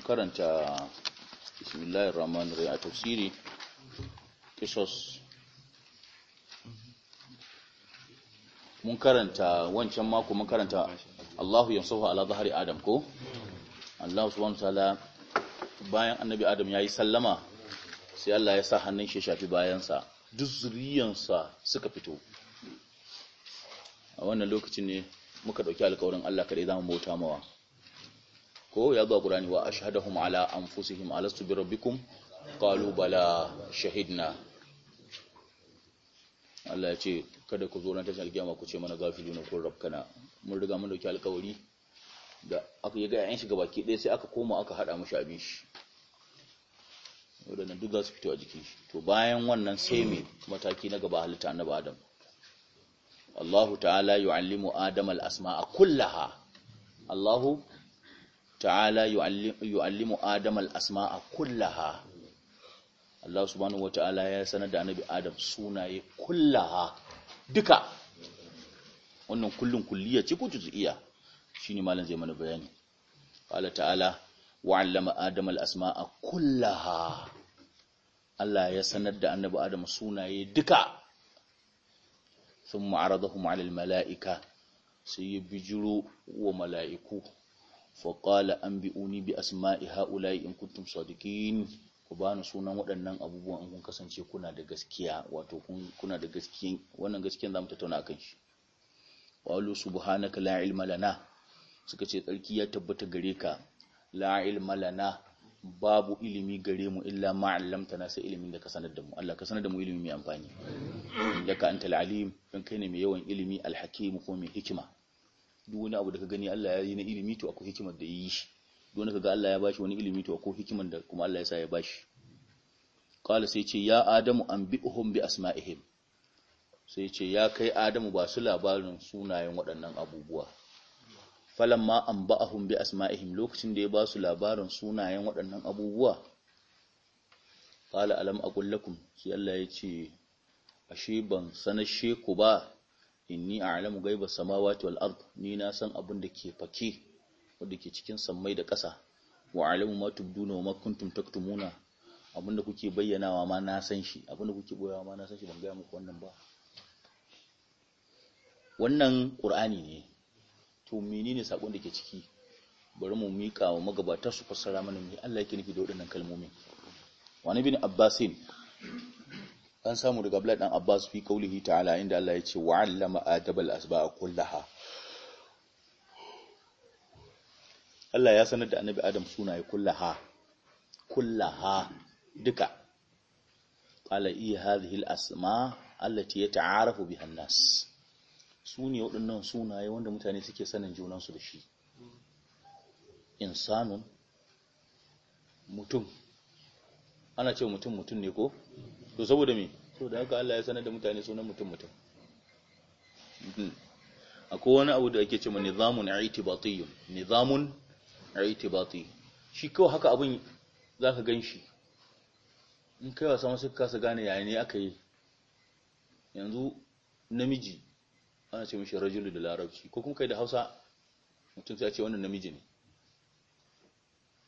mun karanta bismillahir rahmanir rahim a tafsiri kisos mun karanta wancan mako mun karanta Allahu yansuhu ala zahari adam ko Allah subhanahu ta'ala bayan annabi adam yayi sallama sai Allah ya sa hannun shi shafi bayansa duk zuriyansa suka fito a wannan lokacin ne muka dauki alƙawarin Allah kadai zamu bauta mawa ko ya zuwa Qur'ani wa ashhadahum ala anfusihim alastu bi rabbikum qalu bala shahidna Allah ya ce kada ku zo na tashin alkiyama ku ce mana gafilu na kun rabkana mun riga mun dauki alkawari da aka yi ga yan shiga baki ɗaya sai aka koma aka haɗa mushi abin shi wadannan duk za su fito a jikin to bayan wannan sai me mataki na gaba halitta annabi adam Allahu ta'ala yu'allimu Adam al-asma'a kullaha Allahu ta'ala yu'allimu Adam al-asma'a kullaha Allah subhanahu wata'ala ya sanar da annabi Adam sunaye kullaha duka wannan kullun kulliya ce ko juz'iyya shine malam zai mana bayani Allah ta'ala wa'allama Adam al-asma'a kullaha Allah ya sanar da annabi Adam sunaye duka thumma aradahum 'ala al-mala'ika sai ya bijiro wa mala'iku faƙala an bi'uni bi asma'i ha'ula'i in kuntum sadiqin ku bani sunan waɗannan abubuwan in kun kasance kuna da gaskiya wato kuna da gaskiyan wannan gaskiyan zamu tattauna akan shi qalu subhanaka la ilma lana suka ce tsarki ya tabbata gare ka la ilma lana babu ilimi gare mu illa ma na sai ilimin da ka sanar da mu Allah ka sanar da mu ilimi mai amfani innaka antal alim dan kai ne mai yawan ilimi alhakim ko mai hikima duk wani abu da ka gani Allah ya yi na ilimi to akwai hikimar da yi shi duk wani ga Allah ya ba shi wani ilimi to akwai hikimar da kuma Allah ya sa ya ba shi. qala sai ce ya adamu an bi asma'ihim sai ce ya kai adamu ba su labarin sunayen waɗannan abubuwa ma falamma a bi asma'ihim lokacin da ya ba su labarin sunayen waɗannan abubuwa qala alam aqul lakum sai Allah ya ce ashe ban sanashe ku ba inni a'lamu ghaiba samawati wal ard ni na san abin da ke fake wanda ke cikin sammai da ƙasa wa a'lamu ma tubduna wa ma kuntum taktumuna abin da kuke bayyanawa ma na san shi abin da kuke boyawa ma na san shi ban gaya muku wannan ba wannan qur'ani ne to menene sakon da ke ciki bari mu mika wa magabata su fassara mana me Allah yake nufi da waɗannan kalmomin wa bin abbasin an samu daga blood ɗan Abbas fi qaulihi ta'ala inda Allah ya ce wa adabal asba'a kullaha Allah ya sanar da annabi Adam sunaye kullaha kullaha duka qala i hadhihi al-asma allati yata'arafu biha an-nas sune waɗannan sunaye wanda mutane suke sanin junansu da shi insanun mutum ana ce mutum mutum ne ko to saboda me saboda haka Allah ya sanar da mutane sunan mutum mutum hmm. akwai wani abu da ake cewa nizamun i'tibati nizamun i'tibati shi ko haka abin zaka ganshi in kai wasa masu kasa gane yayi ne aka yi yanzu namiji ana ce mishi rajulu da larabci ko kuma kai da Hausa mutum sai a ce wannan namiji ne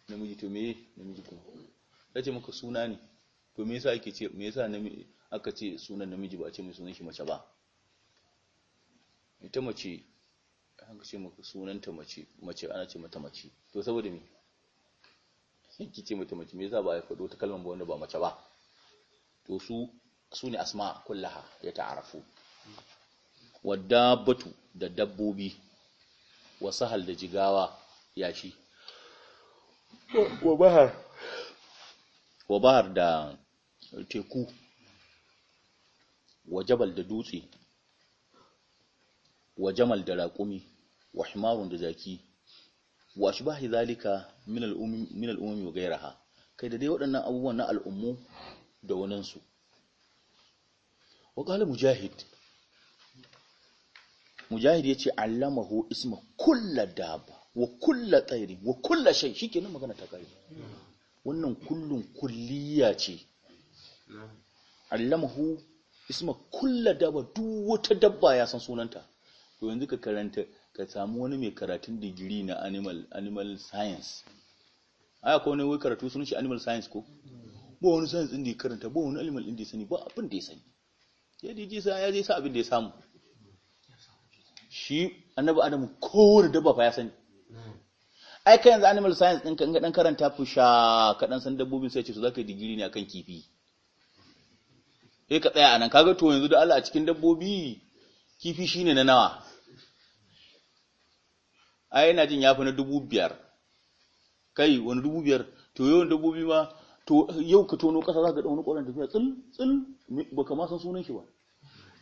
namiji to me namiji kuma ce maka suna ne to me yasa ake ce me yasa aka ce sunan namiji ba a ce mai sunan shi mace ba ita mace haka ce maka sunanta mace mace ana ce mata mace to saboda me ki ce mata mace me yasa ba a faɗo ta kalmar ba wanda ba mace ba to su su ne asma kullaha ya ta'arafu wadabatu da dabbobi wasahal da jigawa yashi wa bahar Wa bahar da teku wa jabal da dutse wa jamal da raƙumi wa himarun da zaki wa shi ba min zalika min al’ummi wa gairaha kai da dai waɗannan abubuwan na al'ummu da waninsu wa qala mujahid mujahid ya ce allama ho isma kulla daba wa kulla tayri wa shi ke nan magana ta ƙari. wannan kullun kulliya ce allamahu isma kulla dabba duk wata dabba ya san sunanta to yanzu ka karanta ka samu wani mai karatun digiri na animal animal science aya ko ne wai karatu sunan shi animal science ko ba wani science din da ya karanta ba wani animal din da ya sani ba abin da ya sani ya dije sa ya je sa abin da ya samu shi annabi adamu kowane dabba fa ya sani ai kai yanzu animal science ɗin ka ɗan karanta fusha kaɗan san dabbobin sai ce su za ka yi digiri ne akan kifi sai ka tsaya a nan kaga to yanzu da Allah a cikin dabbobi kifi shine na nawa ai ina jin yafi na dubu biyar kai wani dubu biyar to yawan dabbobi ma to yau ka tono ƙasa za ka ga wani ƙwaron tafiya tsil tsil ba ka ma san sunan shi ba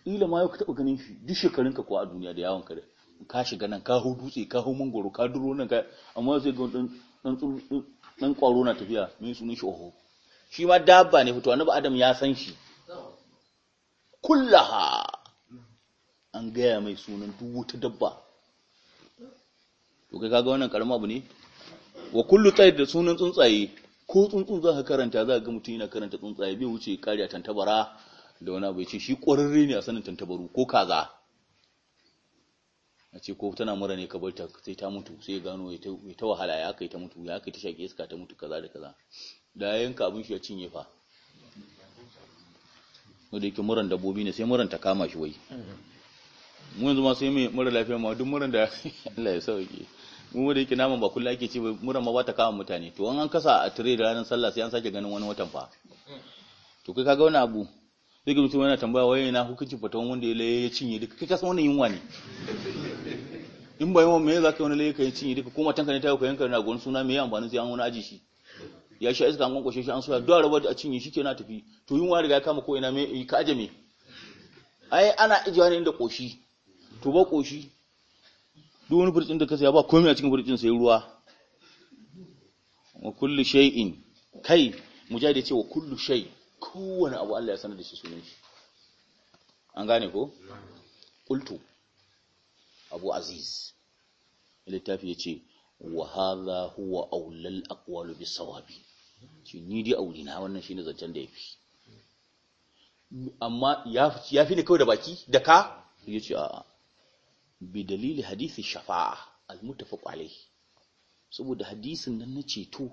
ila ma yau ka taɓa ganin shi duk shekarunka ko a duniya da yawon ka da ka shiga nan ka hau dutse ka hau mangoro ka duro nan ka amma sai ga dan kwaro na tafiya su mun shi oho shi ma dabba ne fito annabi adam ya san shi kullaha an gaya mai sunan duk wata dabba to kai kaga wannan karamin abu ne wa kullu tsayr da sunan tsuntsaye ko tsuntsun za ka karanta za ka ga mutum yana karanta tsuntsaye bai wuce kariya tantabara da wani abu ya ce shi ƙwararre ne a sanin tantabaru ko kaza a ce ko tana mura ne ka bar ta sai ta mutu sai ya gano ya ta wahala ya kai ta mutu ya kai ta shaƙe iska ta mutu kaza da kaza da ya yanka abin shi ya cinye fa wanda yake muran dabbobi ne sai muran ta kama shi wai mu yanzu ma sai mai mura lafiya ma duk muran da Allah ya sauke mu wanda yake naman ba kullu ake ce muran ma ba ta kama mutane to an kasa a tire da ranar sallah sai an sake ganin wani watan fa to kai kaga wani abu zai ga mutum yana tambaya waye na hukuncin fatawan wanda ya laye ya cinye duka kai kasan wannan yunwa ne in ba yi yawan me za ka wani laye ka cinye duka ko matanka ne ta ka yanka na gon suna me yi amfani sai an wani aji shi ya sha iska an kwankwashe shi an soya duk rabar a cinye shi ke na tafi to yunwa riga ya kama ko ina me ka aje me ai ana ijiwa ne inda koshi to ba koshi duk wani furtsin da ka saya ba komai a cikin furtsin sai ruwa wa kullu shay'in kai mujahid ya ce wa kullu shay'in kowane abu Allah ya sanar da shi sunan shi an gane ko qultu abu aziz littafi yace wa hadha huwa awlal bi sawabi shi ni dai auri na wannan shine zancen da yafi amma ya fi ne kawai da baki da ka yace a'a bi dalili hadisi shafa'a al alayhi saboda hadisin nan na ceto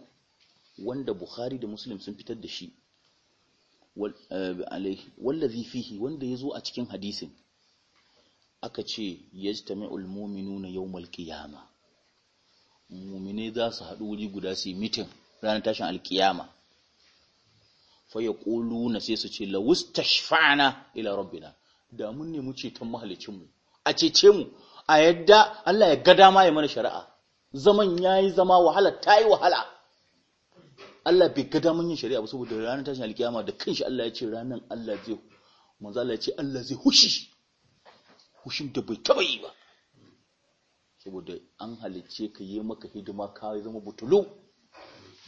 wanda Bukhari da Muslim sun fitar da shi Eh, wallazi fihi wanda yazo a cikin hadisin aka ce yajtami'ul mu'minuna yawmal qiyama mu'mine za su haɗu wuri guda su yi meeting ranar tashin alkiyama fa yaquluna sai su ce lawustashfa'na ila rabbina da ne mu ce tan mahalicin mu a cece mu a yadda Allah ya ga dama ya mana shari'a zaman yayi zama wahala tayi wahala Allah bai ga damun yin shari'a ba saboda ranar tashin alkiyama da kanshi Allah ya ce ranar Allah zai manzo Allah ya ce Allah zai hushi hushin da bai taba yi ba saboda an halicce ka yi maka hidima ka zama butulu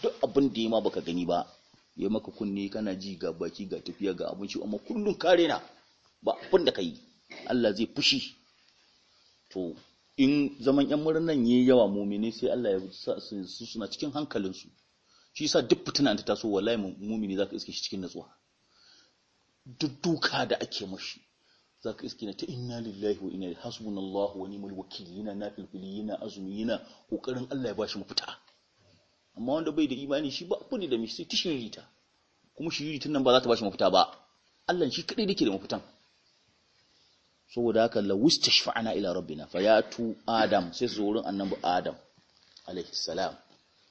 duk abin da yi ma baka gani ba ya maka kunne kana ji ga baki ga tafiya ga abinci amma kullun kare na ba abin da kai Allah zai fushi to in zaman yan murnan yayi yawa mumini sai Allah ya su suna cikin hankalinsu shi yasa duk fitina ta taso wallahi mumini zaka iske shi cikin natsuwa duk duka da ake mashi zaka iske na ta inna lillahi wa inna ilaihi hasbunallahu wa ni'mal wakeel ina nafilfili yana azumi yana kokarin Allah ya bashi mafita amma wanda bai da imani shi ba kudi da mishi ta shirita kuma shirita nan ba za ta bashi mafita ba Allah shi kadai dake da mafitan saboda haka la wustashfa'na ila rabbina fayatu adam sai su wurin annabi adam alaihi salam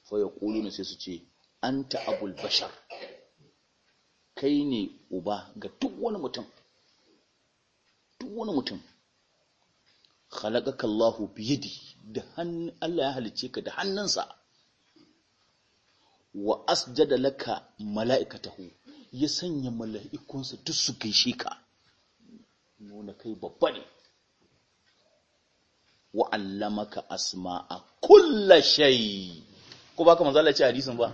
fa yaquluna sai su ce anta abul bashar kai ne uba ga duk wani mutum duk wani mutum khalaqaka biyadi da hannu Allah ya halice ka da hannunsa wa asjada laka mala'ikatahu ya sanya mala'ikunsa duk su gaishe ka nuna kai babba ne wa allamaka asma'a kullashai ko baka manzo Allah ya ce hadisin ba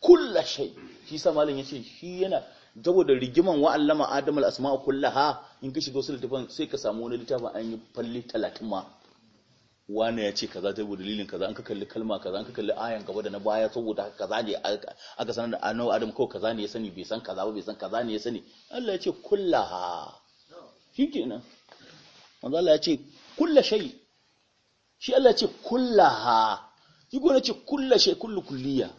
kulla shay shi sa malam yace shi yana da rigiman wa allama adamul asma'a kullaha in ka shigo littafin sai ka samu wani littafin an yi falli 30 ma wani ya ce kaza ta dalilin kaza an ka kalli kalma kaza an ka kalli ayan gaba da na baya saboda kaza ne aka sanar da annabi adam ko kaza ne ya sani bai san kaza ba bai san kaza ne ya sani Allah ya ce kullaha shikenan manzo Allah ya ce kullu shay shi Allah ya ce kullaha shi gona ce kullu shay kullu kulliya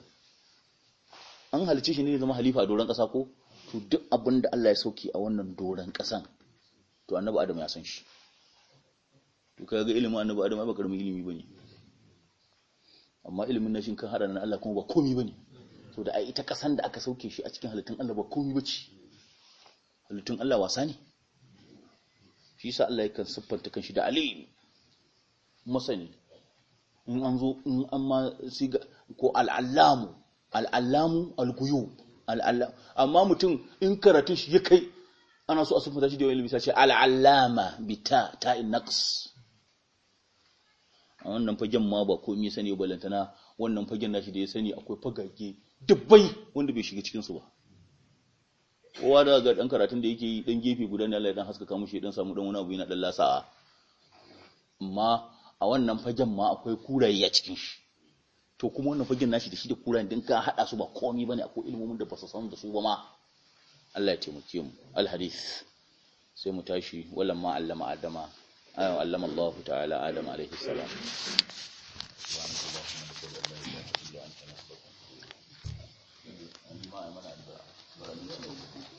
an halice shi ne zama halifa a doron ƙasa ko to duk abin da Allah ya sauke a wannan doron ƙasan to annabi Adam ya san shi to kai ga ilimin annabi Adam ba karamin ilimi bane amma ilimin na kan hada na Allah kuma ba komai bane to da ai ita ƙasan da aka sauke shi a cikin halittun Allah ba komai bace halittun Allah wasa ne shi yasa Allah yakan siffanta kanshi da alim masani in an zo in an ma siga ko al'allamu al'allamu alguyu amma mutum in karatun shi ya kai ana so a sufanta shi da yawan ilimi ce al'allama bita, ta ta'in a wannan fagen ma ba komi sani balantana wannan fagen nashi da ya sani akwai fagage dubbai wanda bai shiga cikinsu ba kowa da ga dan karatun da yake yi ɗan gefe guda ne Allah ya haska haskaka shi ɗan samu ɗan wani abu yana ɗan lasa. amma a wannan fagen ma akwai kurayya cikin shi to kuma wannan fagen nashi da shi da kuran din ka hada su ba komai bane akwai ilmomin da ba su san da su ba ma Allah ya taimake mu al hadith sai mu tashi wallan ma allama adama ayo allama Allah ta'ala adam alaihi salam Thank you.